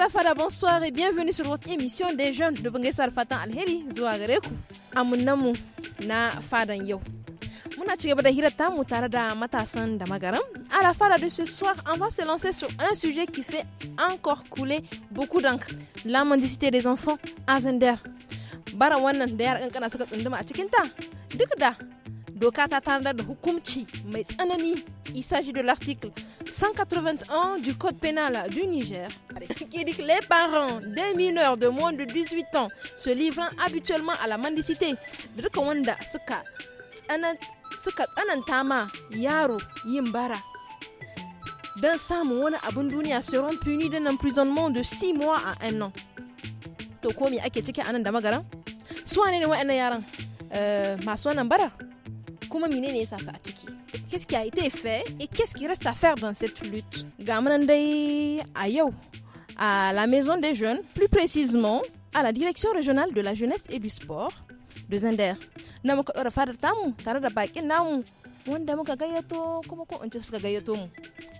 la Fada, bonsoir et bienvenue sur votre émission des jeunes de Bangesar Fatan Alheri zuwa Amunamou, na Fadan yau. Muna ci gaba da da matasan da magaram. À la Fada de ce soir, on va se lancer sur un sujet qui fait encore couler beaucoup d'encre, la mendicité des enfants à Zender. Bara wannan da yar kankana suka tsunduma a ta. duk da doka ta mais hukumci mai tsanani il s'agit de l'article 181 du code pénal du Niger qui dit que les parents des mineurs de moins de 18 ans se livrant habituellement à la mendicité duka wanda suka suka tsananta ma yaro yin bara don samun wani abin duniya seront punis d'un emprisonnement de 6 mois à 1 an to ko me ake ciki anan da magaran su ne kuma qu'est-ce qui a été fait et qu'est-ce qui reste à faire dans cette lutte à la maison des jeunes plus précisément à la direction régionale de la jeunesse et du sport de Zender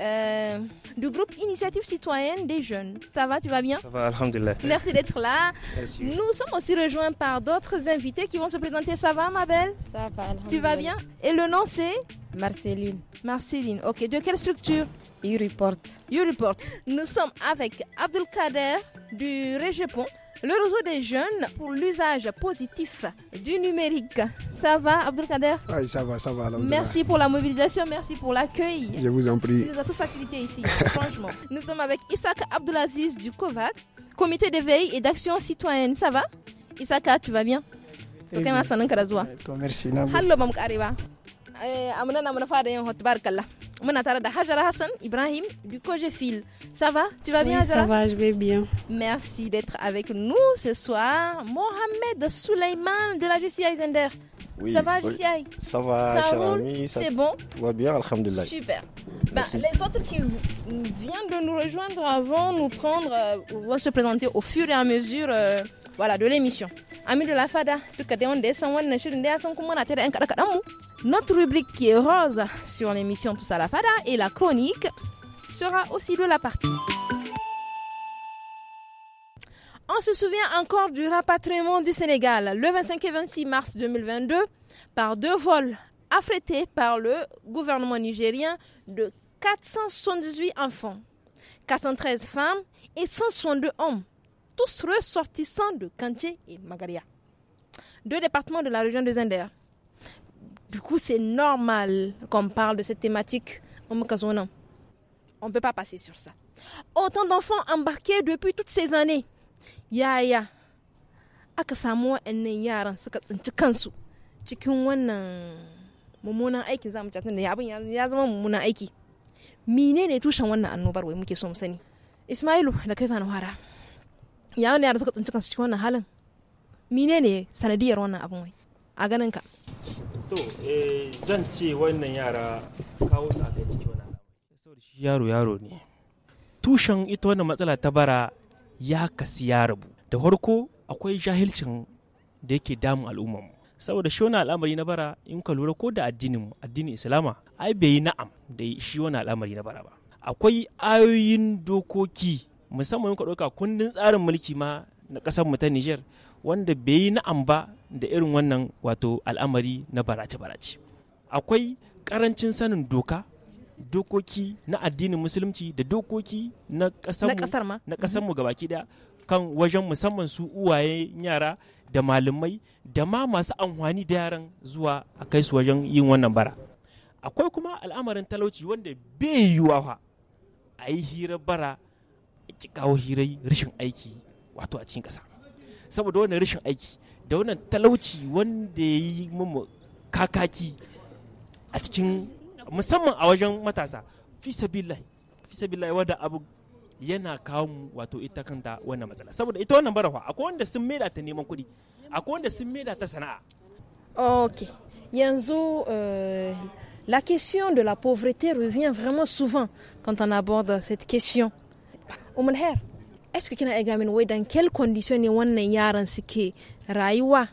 Euh, du groupe Initiative Citoyenne des Jeunes. Ça va, tu vas bien Ça va, Alhamdulillah. Merci d'être là. Nous sommes aussi rejoints par d'autres invités qui vont se présenter. Ça va, ma belle Ça va, Tu vas bien Et le nom, c'est Marceline. Marceline, ok. De quelle structure You Report. Report. Nous sommes avec Abdelkader du Régepont le réseau des jeunes pour l'usage positif du numérique. Ça va, Abdelkader Oui, ça va, ça va. Merci pour la mobilisation, merci pour l'accueil. Je vous en prie. nous a tout facilité ici, franchement. Nous sommes avec Isaka Abdelaziz du COVAC, comité d'éveil et d'action citoyenne. Ça va Isaka, tu vas bien? Eh merci. Merci. Eh, amana na manafa est yin hot barkallah muna da Hassan Ibrahim du fil. Ça va Tu vas bien oui, Ça va, je vais bien. Merci d'être avec nous ce soir. Mohamed Souleiman de la GCI Zender. ça va, oui. Ça va, ça roule, C'est bon Tout va bien, Alhamdulillah. Super. Ben, les autres qui viennent de nous rejoindre avant nous prendre, euh, vont se présenter au fur et à mesure euh, voilà de l'émission. Amis de la Fada, notre rubrique qui est rose sur l'émission Tout la Fada et la chronique sera aussi de la partie. On se souvient encore du rapatriement du Sénégal le 25 et 26 mars 2022 par deux vols affrétés par le gouvernement nigérien de 478 enfants, 413 femmes et 162 hommes tous ressortissants de Kanché et Magaria. Deux départements de la région de Zender. Du coup, c'est normal qu'on parle de cette thématique en On ne peut pas passer sur ça. Autant d'enfants embarqués depuis toutes ces années. Yaya, aka samu wa'annan yaran suka tsinci kansu cikin wannan mummunan aikin zamu cikin da abin ya zama mummunan aiki menene tushen wannan annobar wai muke so mu sani Ismailu da kai zanu hara ya wani yara suka tsinci kansu cikin wannan halin mine ne sanadiyar wannan abin wai a ganin ka to eh, zan ce wannan yara kawo su a kai ciki wani shi yaro yaro ne tushen ita wannan matsala ta bara ya kasi ya rabu da farko akwai jahilcin da yake damun al'ummar mu saboda shi wani al'amari na bara in ka lura ko da addinin mu addinin islama ai bai yi na'am da shi wani al'amari na bara ba akwai ayoyin dokoki musamman ka ɗauka kundin tsarin mulki ma na ƙasar mu ta Nijar wanda bai yi na'am ba da irin wannan wato al'amari na barace-barace. Akwai karancin sanin doka dokoki na addinin musulunci da dokoki na kasarmu na mhm. gabaki da kan wajen musamman su uwaye yara da malamai da ma masu amfani da yaran zuwa a kai su wajen yin wannan bara akwai kuma al'amarin talauci wanda bai yiwuwa a yi hira bara ki kawo hirai rashin aiki wato a cikin ƙasa saboda wannan rashin aiki da wannan talauci wanda ya yi mu kakaki a cikin musamman a wajen matasa fi sabillahi fi sabillahi wanda abu yana kawo mu wato ita kanta wannan matsala saboda ita wannan barawa akwai wanda sun maida ta neman kuɗi akwai wanda sun maida ta sana'a ok yanzu euh, la question de la pauvreté revient vraiment souvent quand on aborde cette question umar her est ce kina ga min wai dan kel condition ne wannan yaran suke rayuwa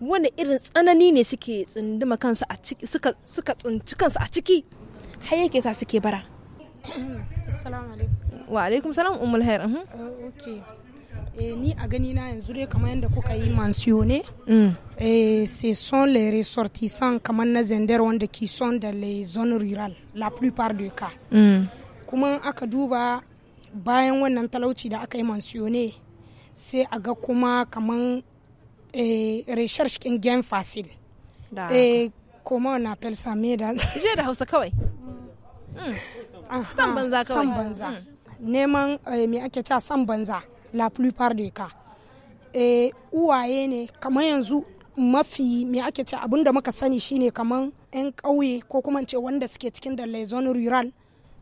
wanda irin tsanani ne suke tsunduma kansu a ciki suka suka tsunci kansu a ciki har yake sa suke bara assalamu alaikum wa alaikum salam umul her uh-huh. oh, okay eh, ni a gani na yanzu dai kamar yadda kuka yi mansione mm. eh, ce sont les ressortissants kamar na zender wanda qui son dans les zones rurales la plupart du cas mm. kuma aka duba bayan wannan talauci da aka yi mansiyone sai a ga kuma kaman eh, research kin gen fasil koma na pelsa me da je eh, da hausa hmm. ah, ah, kawai san banza kawai neman eh, me ake cewa san banza la plupart du cas uwaye ne kamar yanzu mafi me ake cewa abin da muka sani shine kamar 'yan ƙauye ko kuma ce wanda suke cikin da rural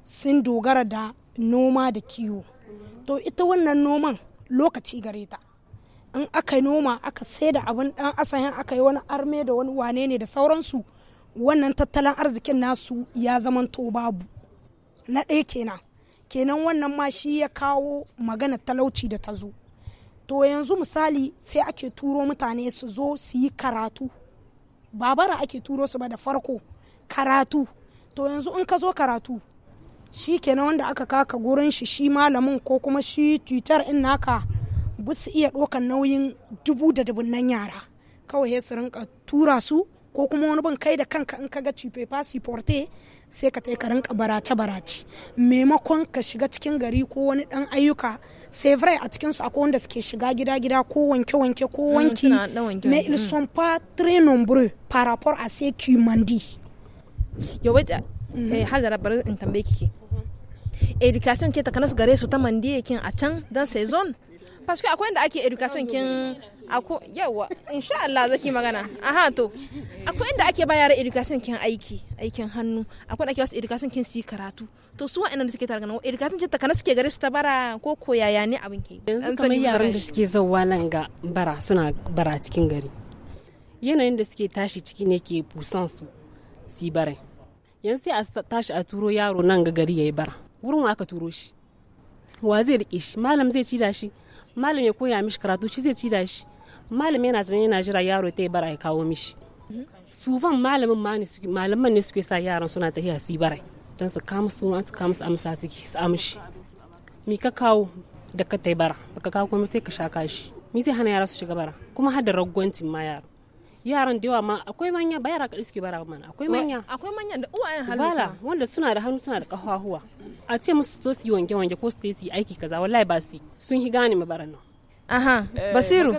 sun dogara da noma da kiwo to ita wannan noman lokaci gare ta in aka noma aka sai da abin dan asahin aka yi wani arme da wani wane ne da sauransu wannan tattalin arzikin nasu ya zamanto babu na ɗaya kenan kenan wannan ma shi ya kawo magana talauci da ta zo to yanzu misali sai ake turo mutane su zo su yi karatu babara ake turo su ba da farko karatu to yanzu in ka zo karatu shi kenan wanda aka kaka gurin shi shi malamin ko kuma shi twitter in naka su iya ɗaukan nauyin dubu da dubunnan yara kawai ya su rinka tura su ko kuma wani bin kai da kanka in kaga cipe fasi porte sai ka tai ka rinka barace barace maimakon ka shiga cikin gari ko wani dan ayyuka sai vrai a cikin su akwai wanda suke shiga gida gida ko wanke wanke ko mm, wanki mai ils mm. sont pas très nombreux par rapport à ce qui mandi eh, mm. eh, bari in tambaye kike education ke takanas gare su ta mandiye kin a can dan saison parce que akwai inda ake education kin ako yawa insha Allah zaki magana aha to akwai inda ake ba yara education kin aiki aikin hannu akwai ake wasu education kin si karatu to su wa'annan da suke tare ganin education kin takana suke gare su ta bara ko ko yaya ne abin ke yanzu kamar yaran da suke zauwa nan ga bara suna bara cikin gari yanayin da suke tashi ciki ne ke busan su si bare yanzu sai a tashi a turo yaro nan ga gari yayi bara wurin wa aka turo shi wa zai rike shi malam zai ci da shi malam ya koya mishi karatu shi zai ci da shi malam yana zama yana jira yaro ta bara ya kawo mishi Sufan malamin ma ne suke malaman ne suke sa yaran suna tafiya su yi bara don su kama su su kama su amsa suke su amshi mi ka kawo da ka tai bara baka kawo kuma sai ka sha shi mi zai hana yara su shiga bara kuma har da ragwancin ma yaro yaran da yawa ma akwai manya ba yara kaɗai suke bara mana akwai manya akwai manya da uwayen halin wala wanda suna da hannu suna da ƙahuwa. a ce musu zo su yi wanke wanke ko su yi aiki kaza wallahi ba su sun yi gane ma nan aha eh, basiru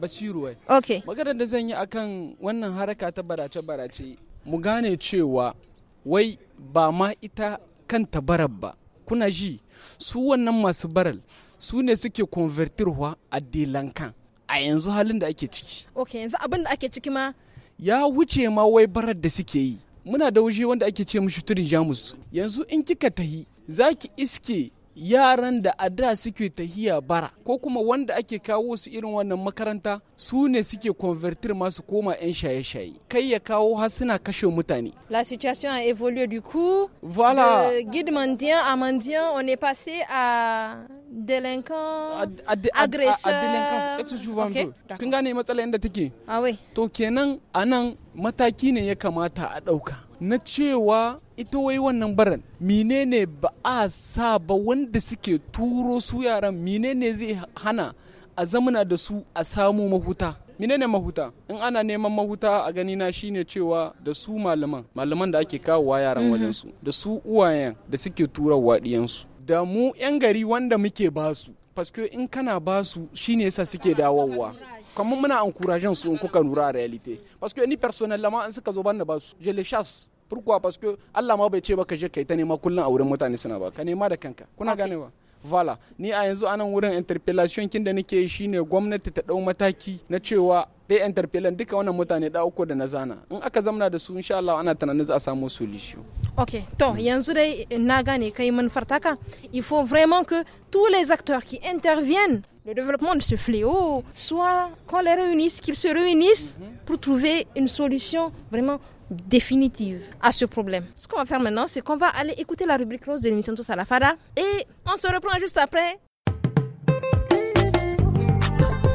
basiru wai okay maganar da zan yi akan wannan haraka ta barace barace mu gane cewa wai ba ma ita kanta barar ba kuna ji su wannan masu baral su ne suke convertirwa a dilankan a yanzu halin da ake ciki ok yanzu abin da ake ciki ma ya wuce ma wai barar da suke yi muna da wuce wanda ake ce mishi turin jamus yanzu in kika tahi za ki iske yaran da a da suke tahiya bara ko kuma wanda ake kawo su irin wannan makaranta su ne suke convertir masu koma 'yan shaye-shaye kai ya kawo har suna kashe mutane la situation a évolué du coup voilà Le guide mendiant à mendiant on est passé à délinquant à, à, à, agresseur à, à délinquant ne kin gane matsalar yadda take ah oui to kenan anan mataki ne ya kamata a ɗauka na cewa ita wai wannan baran menene ba a sa ba wanda suke turo su yaran menene zai hana a zamana da su a samu mahuta menene mahuta in ana neman mahuta a ganina shine cewa da su malaman malaman da ake kawowa yaran mhm. wajen su da su uwayen da suke turawa diyansu da mu yan gari wanda muke basu fasko in kana basu shine yasa suke dawowa kamar muna encourageant su in kuka lura a realite parce que ni personnellement en suka zo ban ne ba je les chasse pourquoi parce que Allah ma bai ce ba ka je kai ta nema kullun a wurin mutane suna ba ka ma da kanka kuna ganewa voilà, ni a yanzu anan wurin interpellation kin da nake ne gwamnati ta dau mataki na cewa dai eh, interpellant duka wannan mutane da uku da na zana in aka zamana da su insha Allah ana tunanin za a samu solution OK to yanzu dai na gane kai manufar taka il faut vraiment que tous les acteurs qui interviennent le développement de ce fléau soit qu'on les réunisse qu'ils se réunissent mhm. pour trouver une solution vraiment définitive à ce problème. Ce qu'on va faire maintenant, c'est qu'on va aller écouter la rubrique rose de l'émission Tous à la Fada et on se reprend juste après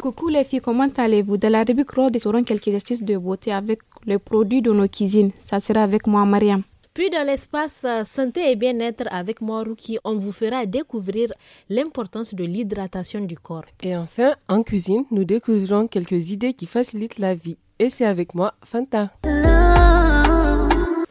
Coucou les filles, comment allez-vous De la rubrique nous aurons quelques astuces de beauté avec les produits de nos cuisines. Ça sera avec moi, Mariam. Puis dans l'espace euh, santé et bien-être avec moi, Ruki, on vous fera découvrir l'importance de l'hydratation du corps. Et enfin, en cuisine, nous découvrirons quelques idées qui facilitent la vie. Et c'est avec moi, Fanta.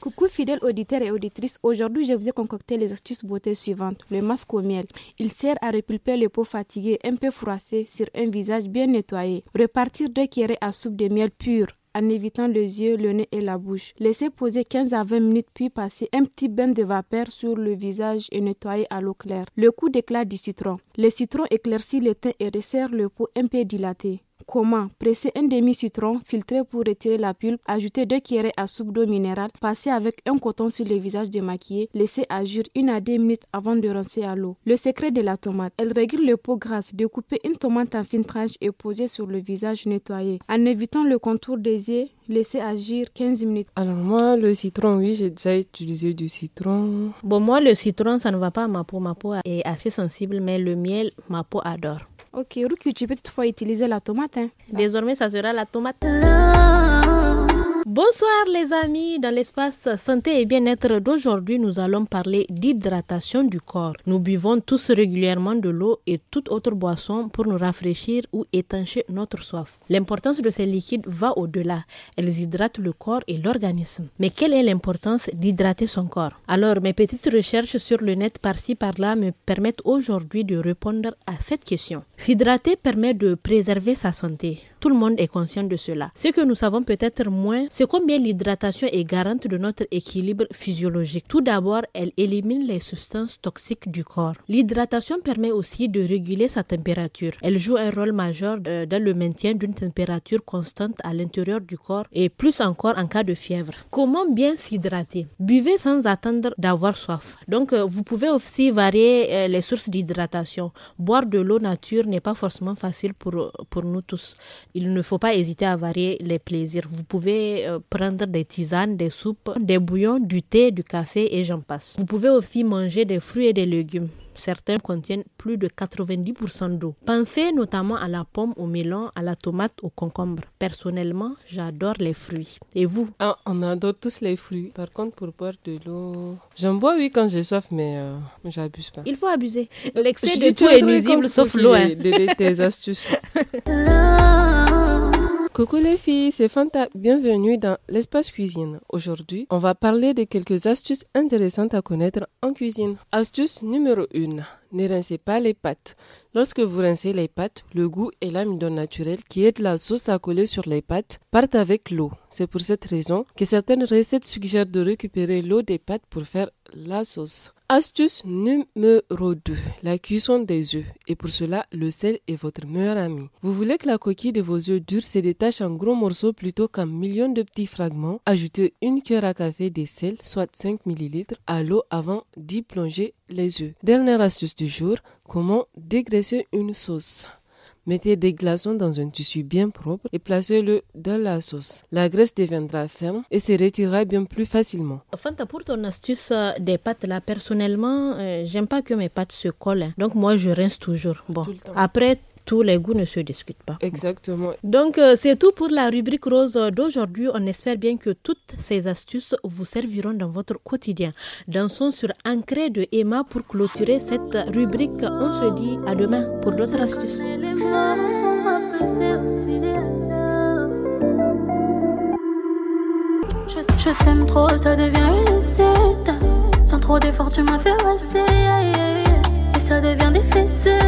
Coucou fidèles auditeurs et auditrices, aujourd'hui je vous ai concocté les astuces beauté suivantes. Le masque au miel, il sert à repulper le peaux fatiguées un peu froissées sur un visage bien nettoyé. Repartir deux cuillerées à soupe de miel pur en évitant les yeux, le nez et la bouche. Laissez poser 15 à 20 minutes puis passer un petit bain de vapeur sur le visage et nettoyer à l'eau claire. Le coup d'éclat du citron. Le citron éclaircit le teint et resserre le peau un peu dilatée comment presser un demi-citron, filtré pour retirer la pulpe, ajouter deux cuillerées à soupe d'eau minérale, passer avec un coton sur le visage démaquillé, laisser agir une à deux minutes avant de rincer à l'eau. Le secret de la tomate, elle régule le pot grasse, découper une tomate en fines tranches et poser sur le visage nettoyé. En évitant le contour des yeux, laisser agir 15 minutes. Alors moi, le citron, oui, j'ai déjà utilisé du citron. Bon, moi, le citron, ça ne va pas à ma peau. Ma peau est assez sensible, mais le miel, ma peau adore. Ok, Ruki, tu peux toutefois utiliser la tomate. Hein? Désormais, ça sera la tomate. Bonsoir les amis, dans l'espace santé et bien-être d'aujourd'hui, nous allons parler d'hydratation du corps. Nous buvons tous régulièrement de l'eau et toute autre boisson pour nous rafraîchir ou étancher notre soif. L'importance de ces liquides va au-delà. Elles hydratent le corps et l'organisme. Mais quelle est l'importance d'hydrater son corps Alors, mes petites recherches sur le net par-ci par-là me permettent aujourd'hui de répondre à cette question. S'hydrater permet de préserver sa santé. Tout le monde est conscient de cela. Ce que nous savons peut-être moins, c'est combien l'hydratation est garante de notre équilibre physiologique. Tout d'abord, elle élimine les substances toxiques du corps. L'hydratation permet aussi de réguler sa température. Elle joue un rôle majeur euh, dans le maintien d'une température constante à l'intérieur du corps et plus encore en cas de fièvre. Comment bien s'hydrater Buvez sans attendre d'avoir soif. Donc, euh, vous pouvez aussi varier euh, les sources d'hydratation. Boire de l'eau nature n'est pas forcément facile pour, pour nous tous. Il ne faut pas hésiter à varier les plaisirs. Vous pouvez euh, prendre des tisanes, des soupes, des bouillons, du thé, du café et j'en passe. Vous pouvez aussi manger des fruits et des légumes. Certains contiennent plus de 90% d'eau. Pensez notamment à la pomme, au melon, à la tomate, au concombre. Personnellement, j'adore les fruits. Et vous ah, On adore tous les fruits. Par contre, pour boire de l'eau, j'en bois oui quand j'ai soif, mais euh, j'abuse pas. Il faut abuser. Euh, L'excès de tout est nuisible sauf l'eau. Hein. Des, des astuces. Coucou les filles, c'est Fanta, bienvenue dans l'espace cuisine. Aujourd'hui, on va parler de quelques astuces intéressantes à connaître en cuisine. Astuce numéro 1. Ne rincez pas les pâtes. Lorsque vous rincez les pâtes, le goût et l'amidon naturel qui aident la sauce à coller sur les pâtes partent avec l'eau. C'est pour cette raison que certaines recettes suggèrent de récupérer l'eau des pâtes pour faire la sauce. Astuce numéro 2, la cuisson des œufs. Et pour cela, le sel est votre meilleur ami. Vous voulez que la coquille de vos œufs durs se détache en gros morceaux plutôt qu'en millions de petits fragments. Ajoutez une cuillère à café de sel, soit 5 ml, à l'eau avant d'y plonger les yeux. Dernière astuce du jour, comment dégraisser une sauce. Mettez des glaçons dans un tissu bien propre et placez-le dans la sauce. La graisse deviendra ferme et se retirera bien plus facilement. Fanta, pour ton astuce euh, des pâtes, là, personnellement, euh, j'aime pas que mes pâtes se collent. Donc, moi, je rince toujours. Bon, après tous les goûts ne se discutent pas. Exactement. Donc, euh, c'est tout pour la rubrique rose d'aujourd'hui. On espère bien que toutes ces astuces vous serviront dans votre quotidien. Dansons sur Ancré de Emma pour clôturer cette rubrique. On se dit à demain pour d'autres astuces. Je, t'aime trop, ça devient une Sans trop d'efforts, tu m'as fait Et ça devient difficile.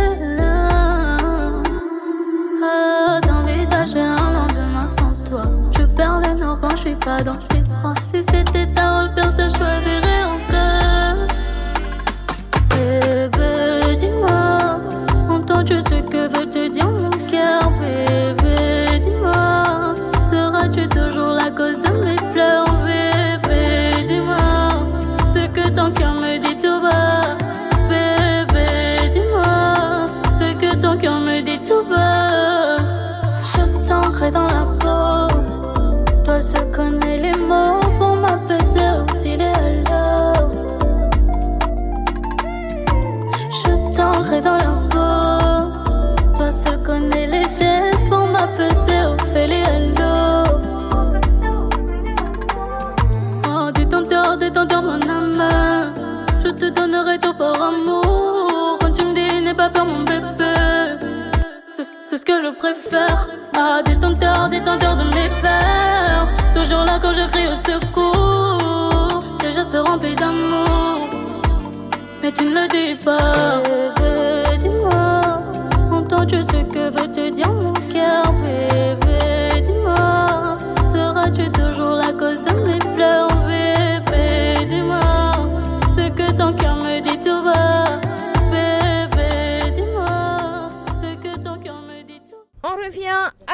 pas dans quand je crie au secours. Tes gestes remplis d'amour. Mais tu ne le dis pas. dis-moi. Entends-tu ce que veux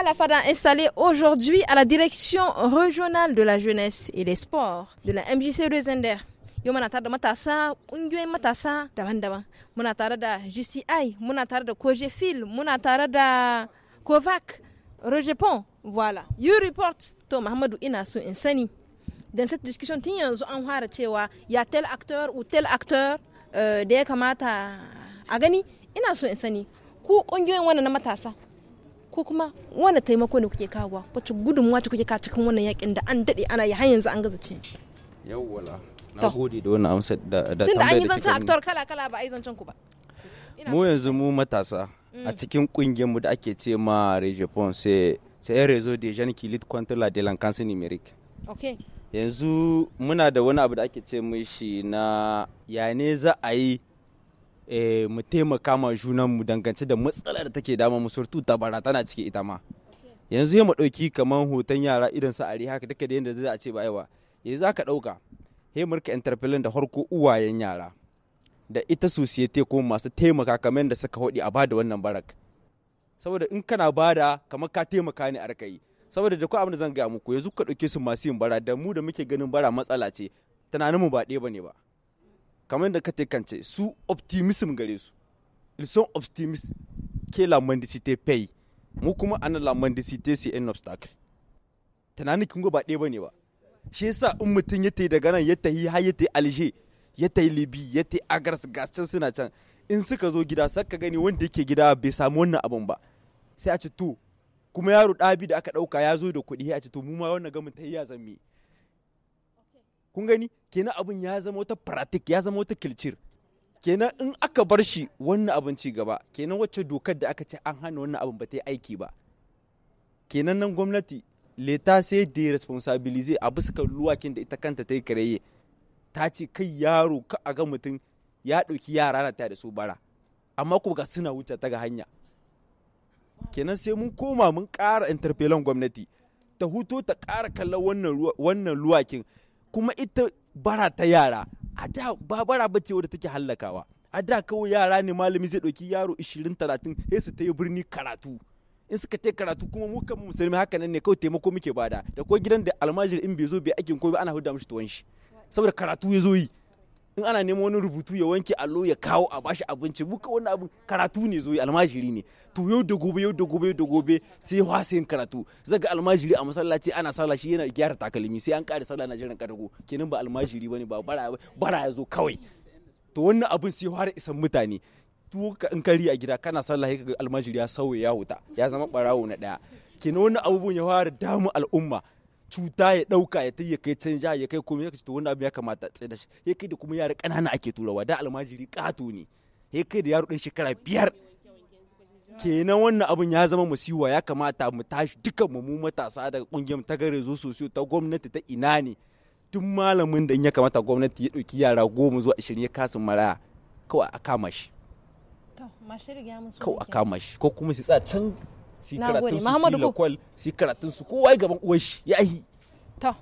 la FADA installée aujourd'hui à la direction régionale de la jeunesse et des sports de la MJC de Zender. yau muna tare da matasa ƙungiyoyin matasa daban-daban muna tare da GCI muna tare da Kojefil muna tare da Kovac Rojepon voilà. you report to Muhammadu ina so in sani dans cette discussion tun yanzu an fara cewa ya tel acteur ou tel acteur euh, ya kamata a gani ina so in sani ku ƙungiyoyin wannan na matasa ko kuma wani taimako ne kuke kawowa wacce gudunmuwa ce kuke ka cikin wannan yakin da an daɗe ana yi har yanzu an gaza ce yawwala na gode da wannan amsa da da tunda an yi zancen aktor kala kala ba a yi zancen ku ba mu yanzu mu matasa a mm. cikin kungiyar mu da ake ce ma rejepon sai sai un réseau de jeunes qui lutte contre la délinquance numérique okay yanzu muna da wani abu da ake ce shi na ya ne za a yi Eh, mu taimaka ma junanmu dangance da matsalar da take dama mu surtu bara tana ciki ita ma yanzu ya mu kaman kamar hoton yara irin su are haka duka da yanda zai a ce ba aiwa yanzu za ka ɗauka he murka interpellin da harko uwayen yara da ita society ko masu taimaka kamar yadda suka hodi a bada wannan barak saboda in kana bada kamar ka taimaka ne a rakai saboda da ku abin da zan gaya muku yanzu ka dauke su masu yin bara da mu da muke ganin bara matsala ce tunaninmu ba ɗaya ba ne ba kamar da ka kance su optimism gare su ils sont optimistes que la mendicité paye mu kuma ana la mendicité c'est un obstacle tunanin kin ba ɗaya bane ba shi yasa in mutum ya tayi daga nan ya tayi har ya tayi alger ya tayi libi ya tayi agars gasan suna can in suka zo gida ka gani wanda yake gida bai samu wannan abun ba sai a ce to kuma yaro dabi da aka ɗauka ya zo da kuɗi a ce to mu ma wannan gamin ta ya zan kun gani kenan abin ya zama wata pratik ya zama wata kilcir kenan in aka bar shi wannan abin ci gaba kenan wacce dokar da aka ce an hana wannan abin ba ta yi aiki ba kenan nan gwamnati leta sai da responsabilize a bisa luwakin da ita kanta ta yi kareye ta ce kai yaro ka a ga mutum ya ɗauki yara na ta da su bara amma kuma ga suna wuce ta ga hanya kenan sai mun koma mun ƙara interpelon gwamnati ta huto ta ƙara kallon wannan luwakin kuma ita bara ta yara a da ba bara ce wadda take hallakawa a da kawai yara ne malami zai ɗauki yaro 20 30 sai su ta yi birni karatu in suka ta karatu kuma mu kan musulmi haka nan ne kawai taimako muke bada da ko gidan da almajir in bai zo bai aikin ko ana huda mishi tuwon shi saboda karatu ya zo yi in ana neman wani rubutu ya wanke allo ya kawo a bashi abinci buka wani abin karatu ne zo almajiri ne to yau da gobe yau da gobe da gobe sai wasayin karatu zaga almajiri a masallaci ana sallah shi yana gyara takalmi sai an kare sallah na jiran kadago kenan ba almajiri bane ba bara ya zo kawai to wannan abin sai har isan mutane to in kari a gida kana sallah ka almajiri ya sauya ya huta ya zama barawo na daya kenan wannan abubuwan ya fara damu al'umma cuta ya dauka ya tayi kai canja ya kai komai ya to wanda abu ya kamata tsaye da shi ya kai da kuma yara kanana ake turawa da almajiri kato ne ya kai da yaro din shekara biyar kenan wannan abun ya zama musiwa ya kamata mu tashi dukan mu matasa daga kungiyar ta gare zo sosiyo ta gwamnati ta ina ne duk malamin da ya kamata gwamnati ya ɗauki yara goma zuwa ashirin ya kasu maraya kawai a kama shi kawai a kama shi ko kuma su tsaya can si karatun su si lakwal si karatun su kowa gaban uwar shi ya yi to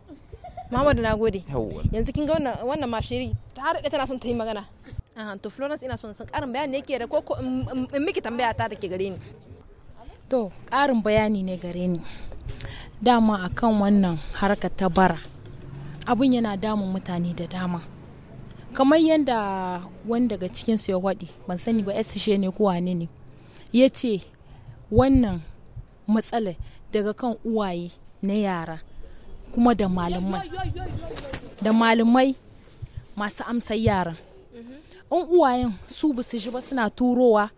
Muhammadu na gode yanzu kin ga wannan mashiri ta har tana son ta yi magana to Florence ina son san karin bayani yake da koko in miki tambaya ta da ke gare ni to karin bayani ne gare ni dama akan wannan harkar ta bara abun yana damun mutane da dama kamar yadda wani daga cikinsu ya waɗi ban sani ba esishe ne ko wane ne ya ce wannan matsala daga kan uwaye na yara kuma da malamai da malamai masu amsar yaran in uwayen su ba ji ba suna turowa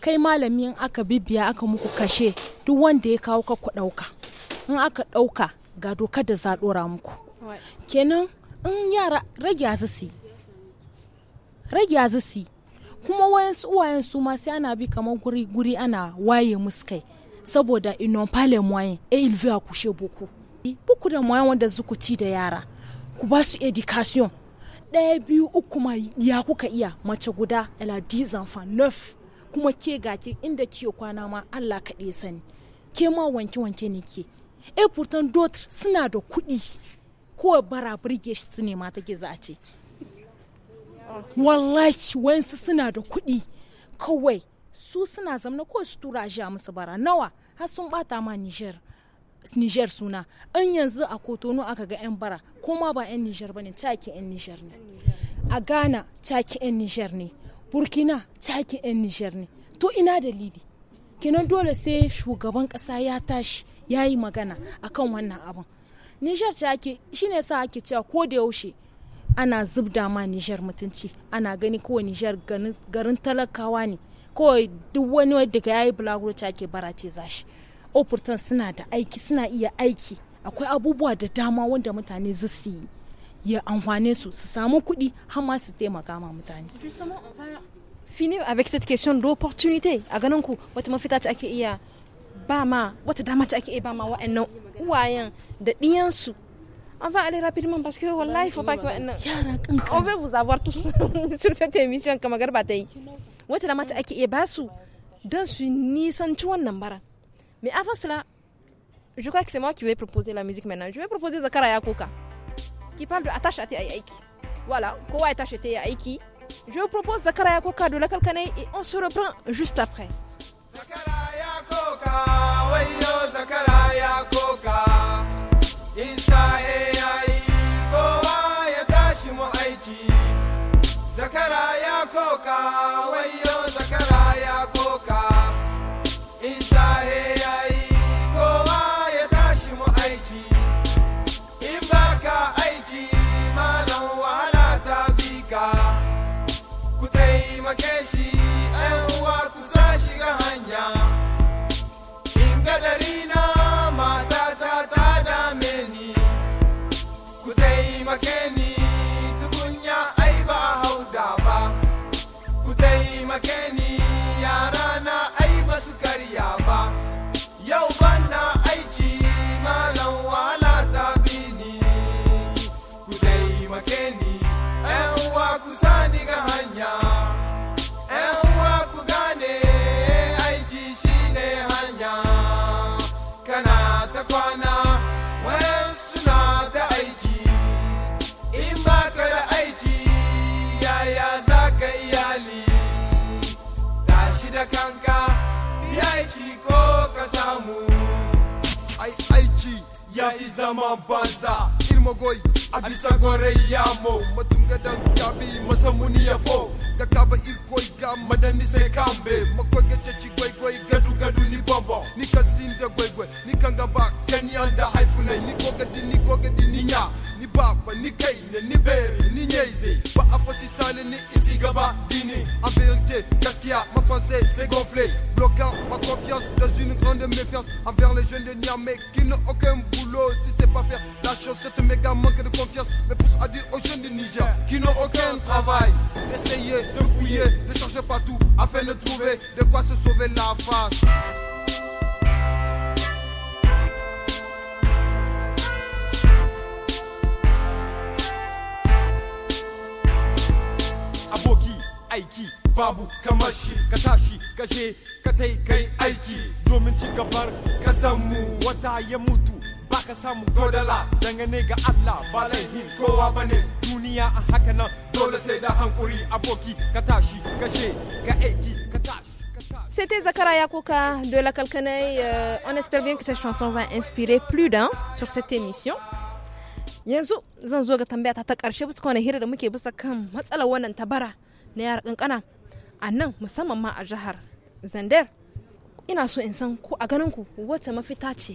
kai malami in aka bibiya aka muku kashe duk wanda ya kawo ka ku ɗauka in aka ɗauka ga dokar da za ɗora muku kenan in yara rage azisi rage kuma wayansu wayansu su ma sai ana bi kamar guri guri ana waye musu kai saboda inon pale moyen e il veut accoucher beaucoup beaucoup da moyens wanda zuku ci da yara ku ba su education ɗaya biyu uku ma ya kuka iya mace guda ela enfants neuf kuma ke ke inda ke kwana ma Allah ka kaɗe sani ke ma wanke wanke ne ke e pourtant d'autres suna da kuɗi ko bara burge su ne ma take za a ce wallahi wansu suna da kuɗi kawai su suna zamna ko su tura shi a musu bara nawa har sun bata ma niger niger suna in yanzu a kotonu aka ga 'yan bara kuma ba 'yan niger ba ne taki 'yan niger ne a ghana taki 'yan niger ne burkina taki 'yan niger ne to ina dalili kenan dole sai shugaban kasa ya tashi ya yi magana akan wannan abin niger taki shine sa ake cewa ko da yaushe ana da ma nijar mutunci ana gani kowa nijar garin talakawa ne kawai duk wani wadda ya yi bulaguro ake bara ce zashi opportun suna da aiki suna iya aiki akwai abubuwa da dama wanda mutane zasu yi ya amfane su su samu kuɗi har ma su taimaka ma mutane finir avec cette question d'opportunité a ganin ku wata mafita ce ake iya ba ma wata dama ce ake iya ba ma wa'annan uwayen da ɗiyansu On va aller rapidement parce que voilà, il faut pas que. On veut vous avoir tous sur cette émission comme Garbatei. c'est la match avec Ebasu dans une Nissan Nambara. Mais avant cela, je crois que c'est moi qui vais proposer la musique maintenant. Je vais proposer Zakara Yakuka qui parle de attache à Aiki. Voilà, Kowa est Aiki. Je vous propose Zakara Yakuka de la Kalkane et on se reprend juste après. Zakara Yakuka, away. mbanza irmogoy abisagore yamo matunga dan kabi masamuni yafo gakaba irkoy gam madani se kambe makoge chechi goy goy gadu gadu ni bombo ni kasinde goy goy ni kangaba kenyan da haifune ni kogadi ni kogadi ni nya ni baba ni kaine ni bere ni nyeze ba afosi sale ni isi gaba dini en vérité ma pensée c'est gonflé bloquant ma confiance dans une grande méfiance envers les jeunes de Niamey qui n'ont aucun boulot faire. La chose, cette méga manque de confiance. me pousse à dire aux jeunes du Niger qui n'ont aucun travail. Essayez de fouiller, de chercher partout afin de trouver de quoi se sauver la face. Aboki, Aiki, Babu, Kamashi, Katashi, Kage Katai, Kai, Aiki, domin Kapar Kasamu, wata aka samu godala dangane ga Allah ba laihin kowa bane duniya a haka nan dole sai da hankuri aboki ka tashi kashe ka aiki ka tashi C'était Zakara Koka de la Kalkanei. Euh, on espère bien que cette chanson va inspirer plus d'un sur cette émission. yanzu zan zo ga tambaya ta ta ƙarshe bisa wani hira da muke bisa kan matsalar wannan tabara na yara kankana a nan musamman ma a jihar zander ina so in san ko a ganin ku wacce mafita ce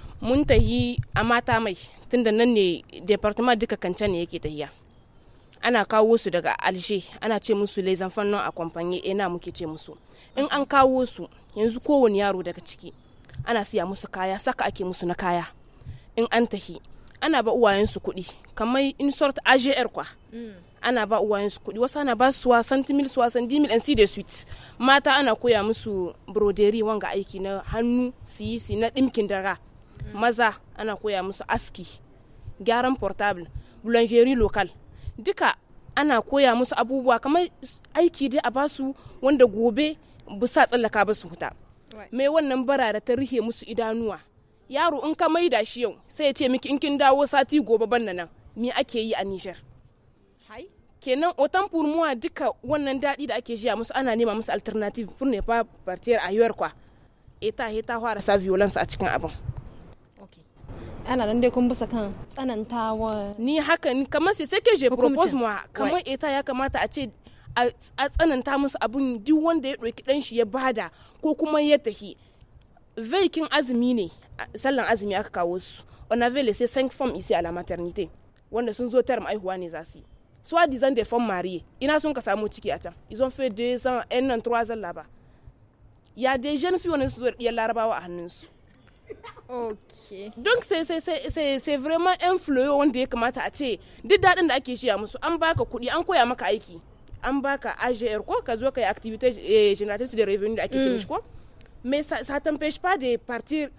mun tahi a mata mai tunda nan ne departement duka kancan ne yake tahiya ana kawo su daga alshe ana ce musu les enfants a accompagnés ina eh, muke ce musu in an kawo su yanzu kowane yaro daga ciki ana siya musu kaya saka ake musu na kaya in an tahi ana ba uwayensu kuɗi kamar in sort AGR kwa mm. ana ba uwayensu kuɗi wasu ana ba su wasan timil su wasan dimil and da sweet mata ana koya musu broderi wanga aiki na hannu su yi na ɗimkin dara maza ana koya musu aski gyaran portable boulangerie local duka ana koya musu abubuwa kamar aiki dai a basu wanda gobe sa tsallaka ba su huta mai wannan bara ta rihe musu idanuwa yaro in ka maida shi yau sai ya ce miki in kin dawo sati gobe ban nan me ake yi a Nijar kenan otan furmuwa duka wannan daɗi da ake jiya musu ana nema musu alternative pour ne pas partir ailleurs kwa eta ta fara sa violence a cikin abin ana nan dai kun bisa kan tsanantawa ni haka ni kamar sai sai ke je propose mu kamar eta ya kamata a ce a tsananta musu abun duk wanda ya ɗauki ɗan shi ya bada ko kuma ya tafi veikin azumi ne sallan azumi aka kawo su on avait laissé cinq femmes ici à la maternité wanda sun zo term aihuwa ne za su yi soit disant des femmes mariées ina sun ka samu ciki a can ils ont fait deux ans un an trois ans là-bas ya des jeunes filles wanda sun zo yan larabawa a hannun su. Okay. Donc c'est vraiment un on wanda ya kamata a ce duk daɗin da ake shiya musu an baka kuɗi an koya maka aiki an baka AGR ko ka ka yi activité eh, génératrice de revenus da ake ce mm. mishi mais ça, ça t'empêche pas de partir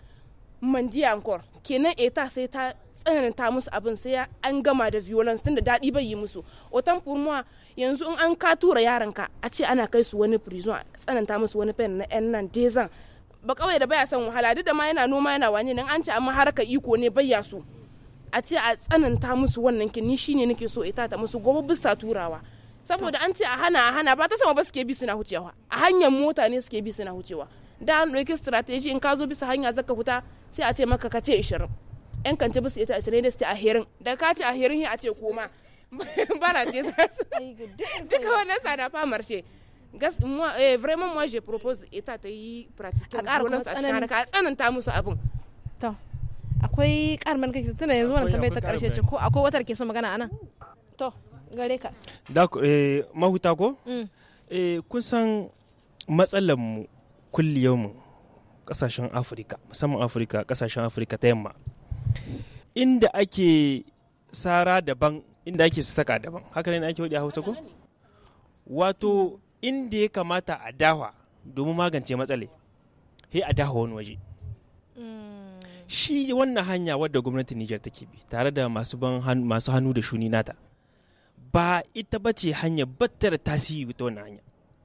mandi encore kenan eta sai ta tsananta musu abin sai an gama da violence da daɗi bai yi musu otan furmuwa yanzu in an ka tura yaranka a ce ana kai su wani prison tsananta musu wani pen na yan nan dezan ba kawai da baya son wahala duk da ma yana noma yana wani nan an ce amma haraka iko ne baya su a ce a tsananta musu wannan kin ni shine nake so ita ta musu gobe bisa turawa saboda an ce a hana a hana ba ta sama ba suke bi suna hucewa a hanyar mota ne suke bi suna hucewa da an ɗauki strategy in ka zo bisa hanya zaka huta sai a ce maka ka ce 20 yan kance bisa ita 20 da su ce a herin da ka ce a herin a ce koma bara ce duka wannan sada famar marshe gas moi eh, vraiment moi je propose ita ta yi pratiquer musu abin to akwai karman kake tana yanzu wannan tambayar ta karshe ce ko akwai watar ke so magana ana to gare ka da eh mahuta ko mm. eh kun san matsalar mu kulliyar mu kasashen Afirka musamman Afirka kasashen Afirka ta yamma inda ake sara daban inda ake saka daban haka ne ake hudi a hausa ko wato inda ya kamata a dawa domin magance matsale he a dawa wani waje mm. shi wannan hanya wadda gwamnatin Nijar take bi tare da masu hannu da shuni nata ba ita bace ce hanya battar tasiri ta wannan hanya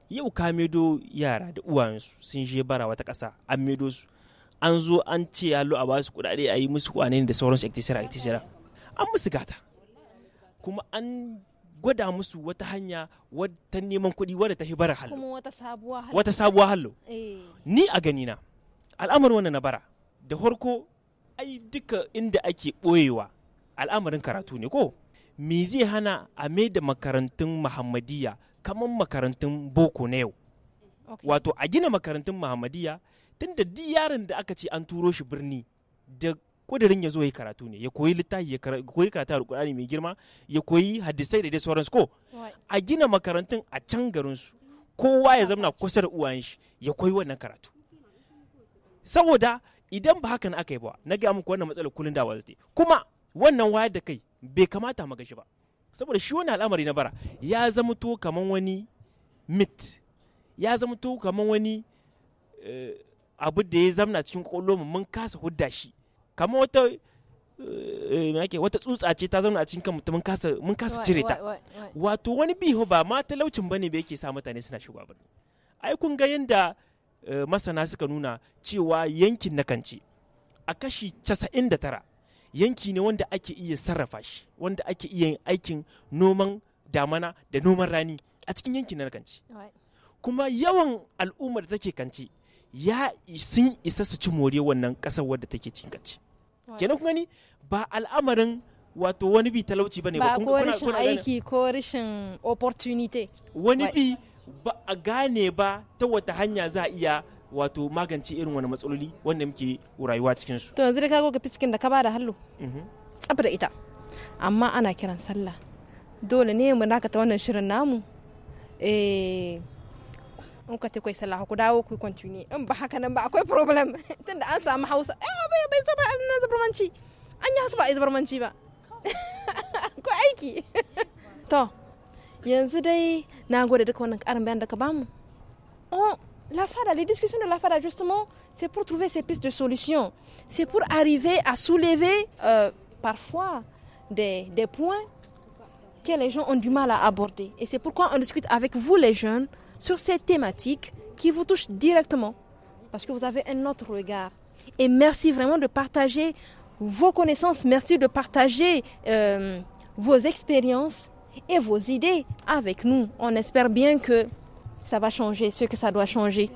yau ka medo yara da uwayensu sun je bara wata ƙasa an medo su an zo an ce yalo a basu kuɗaɗe a yi musu kwanani da sauransu ektisira an musu gata kuma an gwada musu wata hanya wata neman kuɗi wadda ta hibara hallo wata sabuwa hallo eh. ni a ganina al'amarin wannan na bara da harko ai duka inda ake ɓoyewa al'amarin karatu ne ko me zai hana a maida da makarantun muhammadiyya kamar makarantun boko na yau wato a gina makarantun muhammadiyya tun da duk yaron da aka ce an turo shi birni da kudirin ya zo ya karatu ne ya koyi littafi ya koyi karatu Alƙur'ani mai girma ya koyi hadisai da dai sauransu ko a gina makarantun a can garin su kowa ya zama kusa da uwan shi ya koyi wannan karatu saboda idan ba hakan aka yi ba na ga muku wannan matsalar kullun da zai kuma wannan wayar da kai bai kamata maka shi ba saboda shi wannan al'amari na bara ya zama to kaman wani mit ya zama to kaman wani eh, abu da ya zamna cikin kwakwalwarmu mun kasa hudda shi kamar wata eh, eh, wata tsutsa ce ta zauna a cikin kan mutum mun kasa cire ta wato wani biyu ba ma talaucin ba ne ba yake sa mutane suna shigowa ba ai kun ga yanda eh, masana suka nuna cewa yankin na kanci a kashi 99 yanki ne wanda ake iya sarrafa shi wanda ake iya yin aikin noman damana da noman rani a cikin yankin na kanci kuma yawan al'ummar da take kanci ya sun isa su ci more wannan kasar wadda take cikin kanci kenan kun gani ba al'amarin wato wani bi talauci bane ba ko rashin aiki ko rashin opportunity wani bi ba a gane ba ta wata hanya za a iya wato magance irin wani matsaloli wanda muke rayuwa cikin su to yanzu da kago ga fiskin da ka ba da hallo mhm. tsab da ita amma ana kiran sallah dole ne mu dakata wannan shirin namu eh in ka ta kai sallah ku dawo ku continue in ba haka nan ba akwai problem tunda an samu hausa eh la les discussions de la FADA, justement, c'est pour trouver ces pistes de solutions. C'est pour arriver à soulever euh, parfois des, des points que les gens ont du mal à aborder. Et c'est pourquoi on discute avec vous, les jeunes, sur ces thématiques qui vous touchent directement. Parce que vous avez un autre regard et merci vraiment de partager vos connaissances. Merci de partager euh, vos expériences et vos idées avec nous. On espère bien que ça va changer ce que ça doit changer.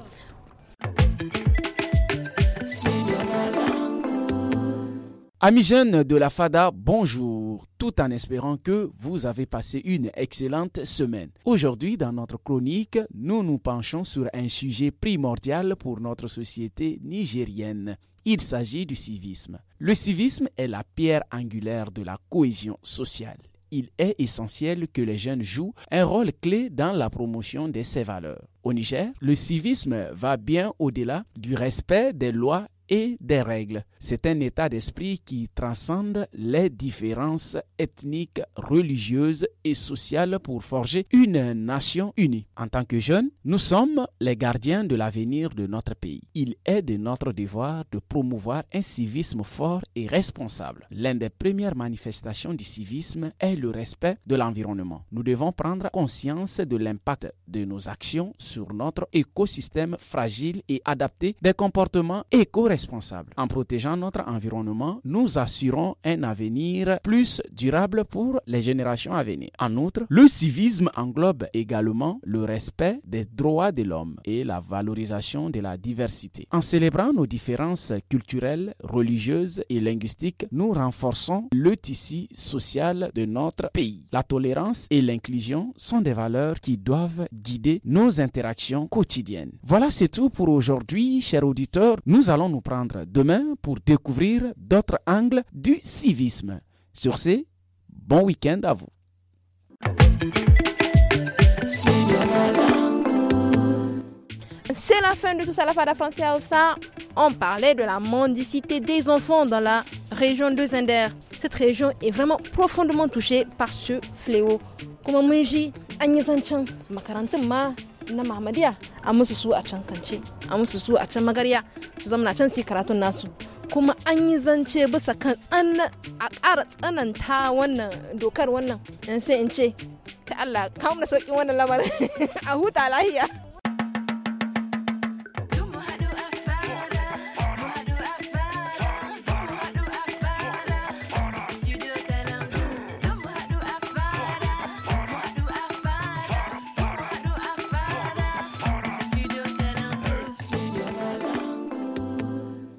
Amis jeunes de la FADA, bonjour, tout en espérant que vous avez passé une excellente semaine. Aujourd'hui, dans notre chronique, nous nous penchons sur un sujet primordial pour notre société nigérienne. Il s'agit du civisme. Le civisme est la pierre angulaire de la cohésion sociale. Il est essentiel que les jeunes jouent un rôle clé dans la promotion de ces valeurs. Au Niger, le civisme va bien au-delà du respect des lois et des règles. C'est un état d'esprit qui transcende les différences ethniques, religieuses et sociales pour forger une nation unie. En tant que jeunes, nous sommes les gardiens de l'avenir de notre pays. Il est de notre devoir de promouvoir un civisme fort et responsable. L'une des premières manifestations du civisme est le respect de l'environnement. Nous devons prendre conscience de l'impact de nos actions sur notre écosystème fragile et adapté des comportements éco-responsables responsable. En protégeant notre environnement, nous assurons un avenir plus durable pour les générations à venir. En outre, le civisme englobe également le respect des droits de l'homme et la valorisation de la diversité. En célébrant nos différences culturelles, religieuses et linguistiques, nous renforçons le tissu social de notre pays. La tolérance et l'inclusion sont des valeurs qui doivent guider nos interactions quotidiennes. Voilà, c'est tout pour aujourd'hui, chers auditeurs. Nous allons nous prendre demain pour découvrir d'autres angles du civisme. Sur ce, bon week-end à vous. C'est la fin de tout ça, la Fada la ça. On parlait de la mendicité des enfants dans la région de Zender. Cette région est vraiment profondément touchée par ce fléau. Comme na mahmadiya a musu su a can kance a musu su a can magarya su zamana can su karatun nasu kuma an yi zance bisa kan a ƙara tsananta wannan dokar wannan yan sai in ce ta Allah kawo na sauƙin wannan lamarin a huta lahiya